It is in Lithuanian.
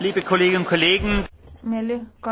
Liebe Kolleginnen und Kollegen, Mėly kolegos.